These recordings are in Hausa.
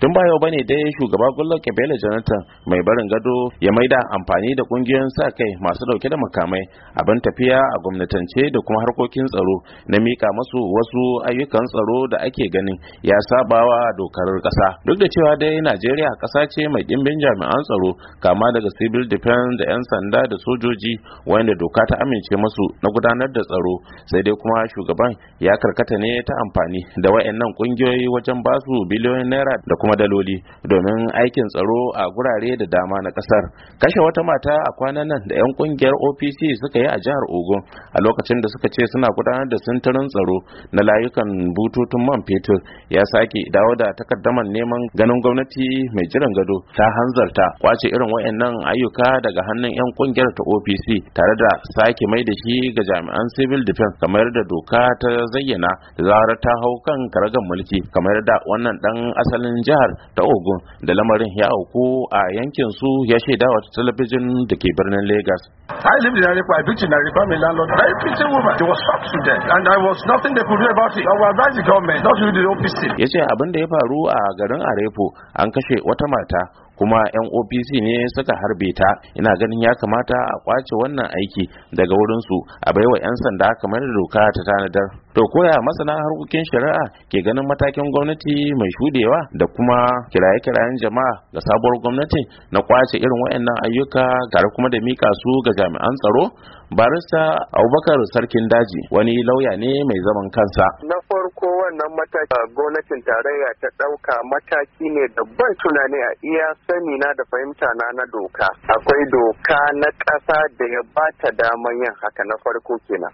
tun ba yau bane dai shugaba gullon kabela jonathan mai barin gado ya maida amfani da kungiyoyin sa kai masu dauke da makamai abin tafiya a gwamnatance da kuma harkokin tsaro na mika masu wasu ayyukan tsaro da ake ganin ya sabawa dokar kasa duk da cewa dai najeriya kasa ce mai dimbin jami'an tsaro kama daga civil defense da yan sanda da sojoji wanda doka ta amince masu na gudanar da tsaro sai dai kuma shugaban ya karkata ne ta amfani da wayannan kungiyoyi wajen basu biliyoyin naira da kuma kuma daloli domin aikin tsaro a gurare da dama na kasar kashe wata mata a kwanan nan da 'yan kungiyar opc suka yi a jihar ogun a lokacin da suka ce suna gudanar da sintirin tsaro na layukan bututun man fetur ya sake dawo da takaddaman neman ganin gwamnati mai jiran gado ta hanzarta kwace irin wayannan ayyuka daga hannun 'yan kungiyar ta opc tare da sake mai da shi ga jami'an civil defense kamar da doka ta zayyana da zarar ta hau kan karagan mulki kamar da wannan dan asalin jihar jihar ta ogun da lamarin ya auku a yankin su ya shaida wata talabijin da ke birnin lagos I live in Arepa, I built in Arepa, my landlord, very pretty woman. she was shocked to death and there was nothing they could do about it. I will advise the government not to do the opposite Ya ce abin da ya faru a garin Arepo an kashe wata mata kuma yan opc ne suka harbe ta ina ganin ya kamata a kwace wannan aiki daga wurinsu a baiwa yan sanda kamar doka ta tanadar to koya masana harkokin shari'a ke ganin matakin gwamnati mai shudewa da kuma kiraye-kirayen jama'a ga sabuwar gwamnati na kwace irin waɗannan ayyuka tare kuma da mika su ga jami'an tsaro barista abubakar sarkin daji wani lauya ne mai zaman kansa farko wannan mataki gwamnatin tarayya ta ɗauka mataki ne da ban tunani a iya sani na da fahimta na na doka akwai doka na ƙasa da ya ba ta daman yin haka na farko kenan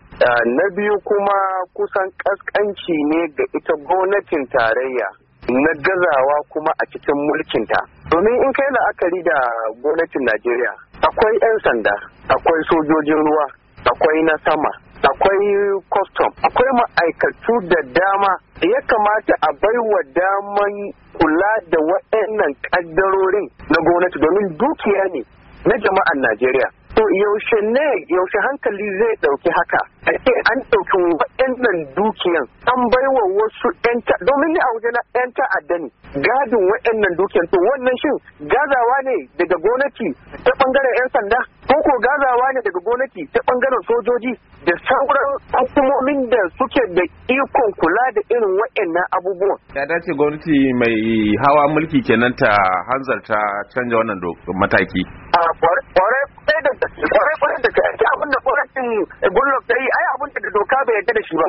na biyu kuma kusan ƙasƙanci ne ga ita gwamnatin tarayya na gazawa kuma a cikin mulkinta domin in kai la'akari da gwamnatin najeriya akwai 'yan sanda akwai sojojin ruwa akwai na sama akwai custom akwai ma'aikatu da dama ya kamata a baiwa daman kula da waɗannan ƙaddarorin na gwamnati domin dukiya ne na jama'an najeriya to yaushe ne yaushe hankali zai ɗauki haka a ce an ɗauki waɗannan dukiyan an baiwa wasu ƴan domin ne a waje na ƴan ta'adda ne gadin waɗannan dukiyan to wannan shin gazawa ne daga gwamnati ta bangaren 'yan sanda ko ko gazawa ne daga gwamnati ta bangaren sojoji da sauran hukumomin da suke da ikon kula da irin wa'annan abubuwan. Ya dace gwamnati mai hawa mulki kenan ta hanzarta canja wannan mataki. A kwarai da kwarai da kai abin da gwamnatin Goodluck ta yi ai abin da doka bai yarda da shi ba.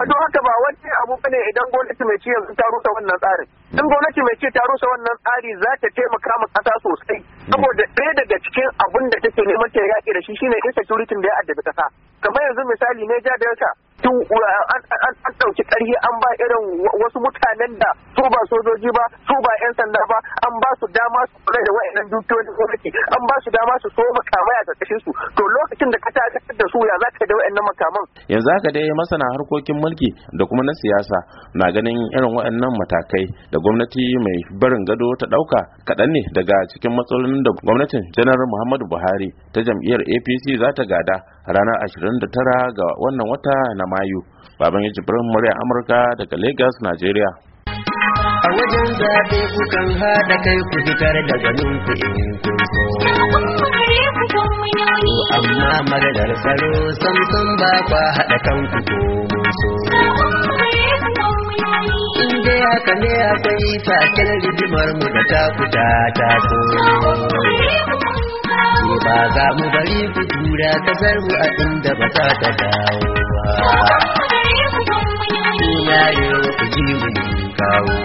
a don haka ba wani abu bane idan gwamnati mai ci yanzu ta rusa wannan tsarin in gwamnati mai ci ta rusa wannan tsari za ta taimaka ma kasa sosai saboda ɗaya daga cikin abun da take neman ta yaƙi da shi shine insecurity da ya addabi ƙasa kamar yanzu misali ne ja delta an ɗauki ƙarfi an ba irin wasu mutanen da su ba sojoji ba su ba 'yan sanda ba an ba su dama su kula da wa'annan dukiyoyin gwamnati an ba su dama su so makamai a ƙarƙashin su to lokacin da ka dakatar da su ya za ka da wa'annan makaman. yanzu haka dai masana harkokin mulki da kuma na siyasa na ganin irin wa'annan matakai da gwamnati mai barin gado ta ɗauka kaɗan ne daga cikin matsalolin da gwamnatin janar muhammadu buhari ta jam'iyyar apc za ta gada ranar 29 ga wannan wata na mayu baban yaci jibrin murya amurka daga lagos nigeria a wajen zaɓe kukan haɗa kai ku fitar da ganin ku in kun amma tsaro ba kwa haɗa kanku ko so in dai haka ne akwai fatar rigimar mu da takuta ta taso. duniya ka zarmu a inda ba za ta dawo ba. Ina yau ku ji mun kawo.